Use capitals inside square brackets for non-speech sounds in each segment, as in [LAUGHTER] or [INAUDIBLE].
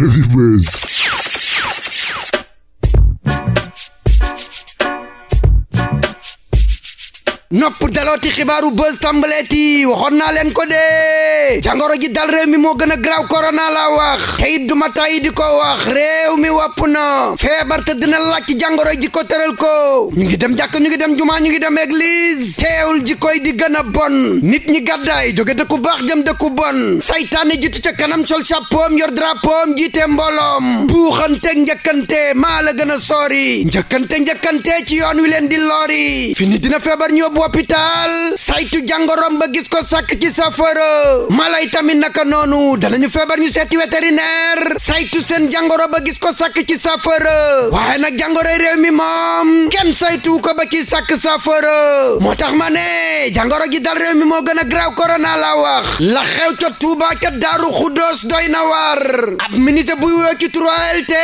Heavyweight. nopp dalooti xibaaru buzz tàmbaleeti waxoon naa leen ko dee jàngoro ji dal réew mi moo gën a graaw korona la wax te it duma tàyyi di ko wax réew mi wopp na feebar te na laaj ci jàngoro ji ko tëral ko ñu ngi dem jàkk ñu ngi dem jumaa ñu ngi dem église teewul ji koy di gën a bon nit ñi gàddaay jóge dëkku baax jëm dëkku bon saytaane jitu ca kanam sol chapeau yor drapeau jiite mbooloom buuxante njëkkante maa la gën a soori njëkkante njëkkante ci yoon wi leen dina feebar ñoo ab hôpital saytu jàngorom ba gis ko sàkk ci safara mala yi tamit naka noonu danañu feebar ñu seeti vétérinaire saytu seen jàngoro ba gis ko sakk ci safara waaye nag jàngoro réew mi moom kenn saytu ko ba ci sakk safara moo tax ma ne jàngoro ji dal réew mi moo gën a graaw korona la wax la xew ca Tuuba ca Daaru Xuddoos doy na war ab ministre buy woo ci 3LT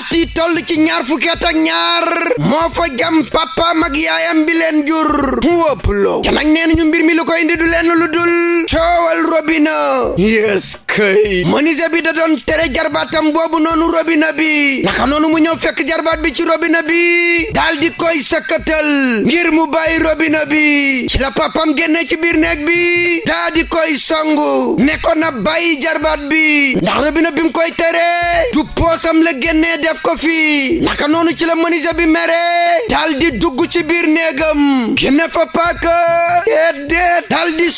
ati toll ci ñaar fukki at ñaar moo fa jam papa mag yaayam bi jur wëpp loow te nag nee nañu mbir mi lu koy indi du lenn lu dul coowal robinet yes këy bi da doon tere jarbaatam boobu noonu robinet bi naka noonu mu ñëw fekk jarbaat bi ci robinet bi daal di koy sëkkatal ngir mu bàyyi robinet bi ci la papam génnee ci biir néeg bi daa di koy songu nekkoon na bàyyi jarbaat bi ndax robinet bi mu koy tere du poosam la génnee def ko fii naka noonu ci la menuisier bi mere daal di dugg ci biir néegam génne fa paaka déet déet daal di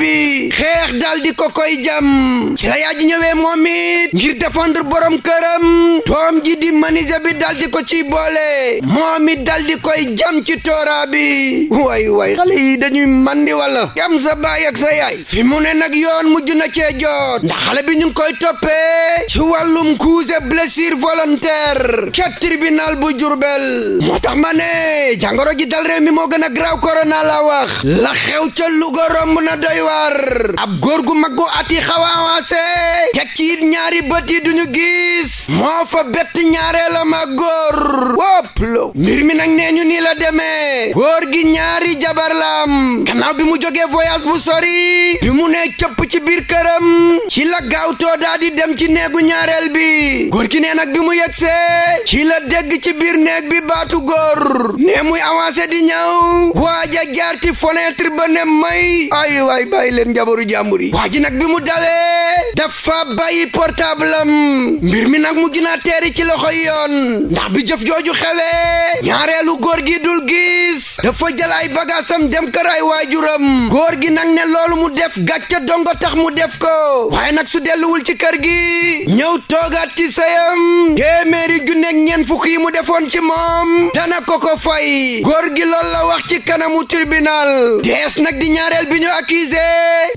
bi xeex daal di ko koy jam ci la yaay ji ñëwee moom it ngir défendre borom këram doom ji manager bi dal ko ci boole moom it dal di koy jam ci tooraa bi waay waay xale yi dañuy mandi wala jam sa baay ak sa yaay fi mu ne nag yoon mujj na cee jot ndax bi ñu ngi koy toppee ci wàllum coups et blessures volontaires ca tribunal bu Jurbel moo tax ma ne dal réew mi moo gën a graw korona la wax la xew ca romb na doy war ab góor gu mag gu ati xaw a avancé ñaari bët duñu gis moo fa bett ñaar ñaareelam ak góor wopp law mbir mi nag nee ñu nii la demee góor gi ñaari jabar la am bi mu jógee voyage mu sori bi mu nee cëpp ci biir këram ci la gaawtoo daa di dem ci neegu ñaareel bi góor gi nee nag bi mu yegsee ci la dégg ci biir néeg bi baatu góor nee muy avancé di ñëw waaja jaar ci fenêtre ba may ay waay bàyyi leen jabaru jàmbur yi nag bi mu dawee dafa bàyyi portable am mbir mi nag mu gënaa teeri ci loxo yoon ndax bi jëf jooju xewee ñaareelu góor gi dul gis dafa jël ay bagaasam dem kër ay waajuram góor gi nag ne loolu mu def gàcca dongo tax mu def ko waaye nag su delluwul ci kër gi ñëw toogaat ci sëyam téeméeri junneeg ñeent fukk yi mu defoon ci moom dana ko ko fay góor gi loolu la wax ci kanamu tribunal dees nag di ñaareel bi ñu accusé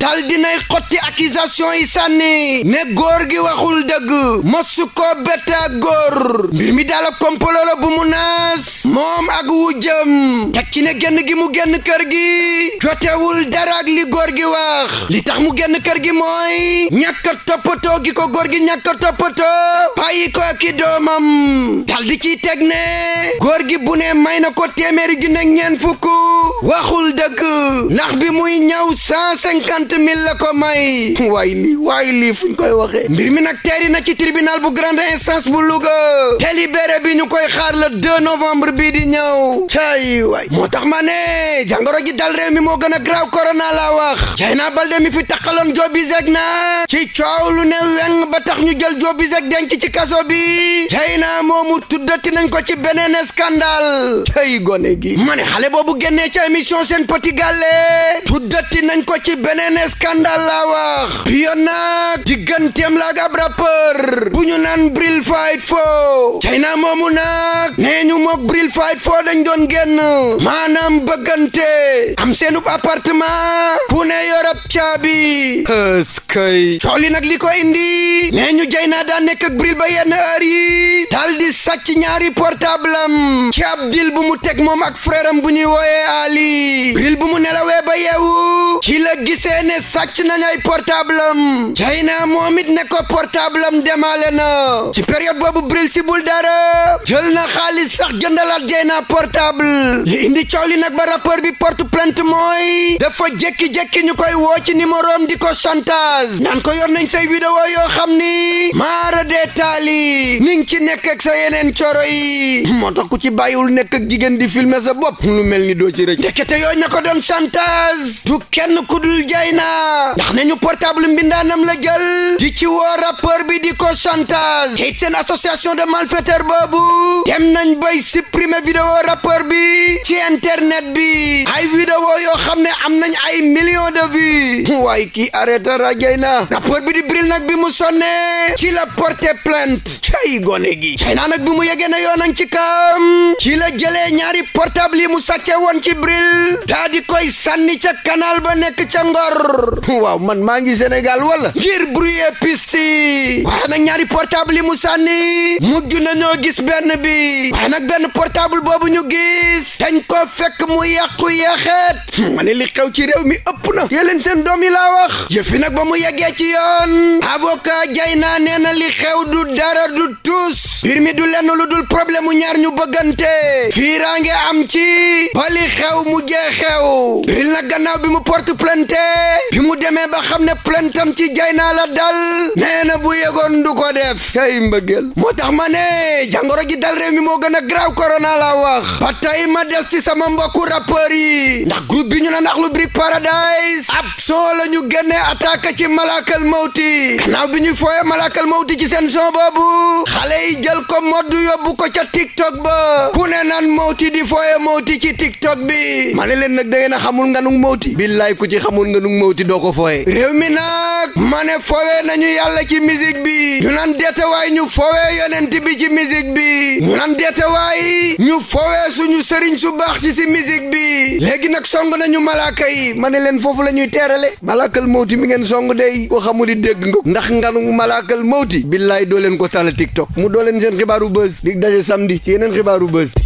dal dinay xotti accusation yi sànni ni ne góor gi waxul dëgg mosu ko betta góor mbir mi daala kompolo la bu mu naas moom ak wu jëm teg ci ne génn gi mu génn kër gi jotewul dara ak li góor gi wax li tax mu génn kër gi mooy ñàkk a gi ko góor gi ñàkk a toppatoo bàyyi ko ki doomam dal di teg ne góor gi bu ne may na ko téeméeri junni ak ñeent fukk waxul dëgg ndax bi muy ñëw cent cinquante mille la ko may [LAUGHS] waay lii waay lii fuñ koy waxee mbir mi nag teeri na ci tribunal bu grande instance bu Louga te libéré bi ñu koy xaar le novembre bii di ñëw cay waay moo tax ma ne jangoro ji dal réew mi moo gën a graaw corona la wax Dieyna Baldé mi fi taxaloon Jobiseck na ci coow lu ne weng ba tax ñu jël Jobiseck denc ci kaso bi Dieyna moomu tuddati nañ ko ci beneen scandale cay gone gi ma ne xale boobu génnee ca émission seen petit gàlle tuddati nañ ko ci beneen scandale laa wax bi yoon nag digganteem la ak ab ñu naan bril fight foo china moomu nag nee ñu mook bril fight foo dañ doon génn maanaam bëggante am seenub appartement pu ne yorab caabi ëskay coow li nag li ko indi nee ñu jay naa daa nekk ak bril ba yenn heure yi dal ñaari portable am ci ab dil bu mu teg moom ak frère am bu ñuy wooyee Ali bril bu mu nelawee ba yeewu ci la gisee ne sàcc nañ ay portable am jay naa demaale na na ci période boobu bril si bul dara jël na xaalis sax jëndalaat Dieyna portable li indi coow li nag ba rappeur bi porte plainte mooy dafa jékki-jékki ñu koy woo ci numéroom di ko chantage naan ko yor nañ say vidéo yoo xam ni maara dee taali ni ngi ci nekk ak sa yeneen coro yi moo tax ku ci bàyyiwul nekk ak jigéen di filmer sa bopp lu mel ni doo ci rëcc ndekete yooyu na ko doon chantage du kenn ku dul Dieyna ndax nañu portable mbindaanam la jël di ci otage ci seen de malfaiteurs boobu dem nañ bay supprimer vidéo rappeur bi ci internet bi ay vidéo yoo xam ne am nañ ay millions de vues waaye kii arrêté rajay na rappeur bi di bril nag bi mu sonne ci la porter plainte cay gone gi cay naa nag bi mu yegee ne nañ ci kam ci la jëlee ñaari portable mu sàcce woon ci bril daa di koy sànni ca canal ba nekk ca ngor waaw man maa ngi Sénégal wala ngir brouiller piste yi waaye nag ñaari portable portable yi mu sànni mujj nañoo gis benn bi waaye nag benn portable boobu ñu gis dañ ko fekk mu yàqu yeexeet hmm, ma li xew ci réew mi ëpp na yéen leen seen doom yi laa wax yëfi nag ba mu yeggee ci yoon avocat jay naa nee na li xew du dara du tus mbir mi du lenn lu dul problème mu ñaar ñu bëggante fiiraange am ci ba xew mu jeexe na gannaaw bi mu port plainte bi mu demee ba xam ne plaintam ci jay naa la dal nee na bu yegoon du ko def mbëggeel moo tax ma ne jàngoro ji dal réew mi moo gën a graaw korona la wax ba tey ma des ci sama mbokku rappeur ndax groupe bi ñu naan Akhlou Brick Paradise ab son la ñu génnee attaque ci Malakal Mawti gannaaw bi ñuy fooye Malakal Mawti ci seen son boobu xale yi jël ko moddu yóbbu ko ca TikTok ba ku ne naan Mawti di fooye Mawti bi ma leen nag da ngeen a xamul nga nganug mawti billaay ku ci xamul nganug mawti doo ko fooye réew mi nag ma ne fowee nañu yàlla ci musique bi ñu nan deetawaay ñu fowee bi ci musique bi ñu nan deetawaay ñu fowee suñu sëriñ su baax ci si musique bi léegi nag song nañu malaaka yi ma ne leen foofu la ñuy teerale malaakal mawti mi ngeen song dey ko xamul di dégg nga ndax nganug malaakal mawti billaay doo leen ko tala tiktok mu doo leen seen xibaaru buzz dig daje samedi ci yeneen xibaaru buzz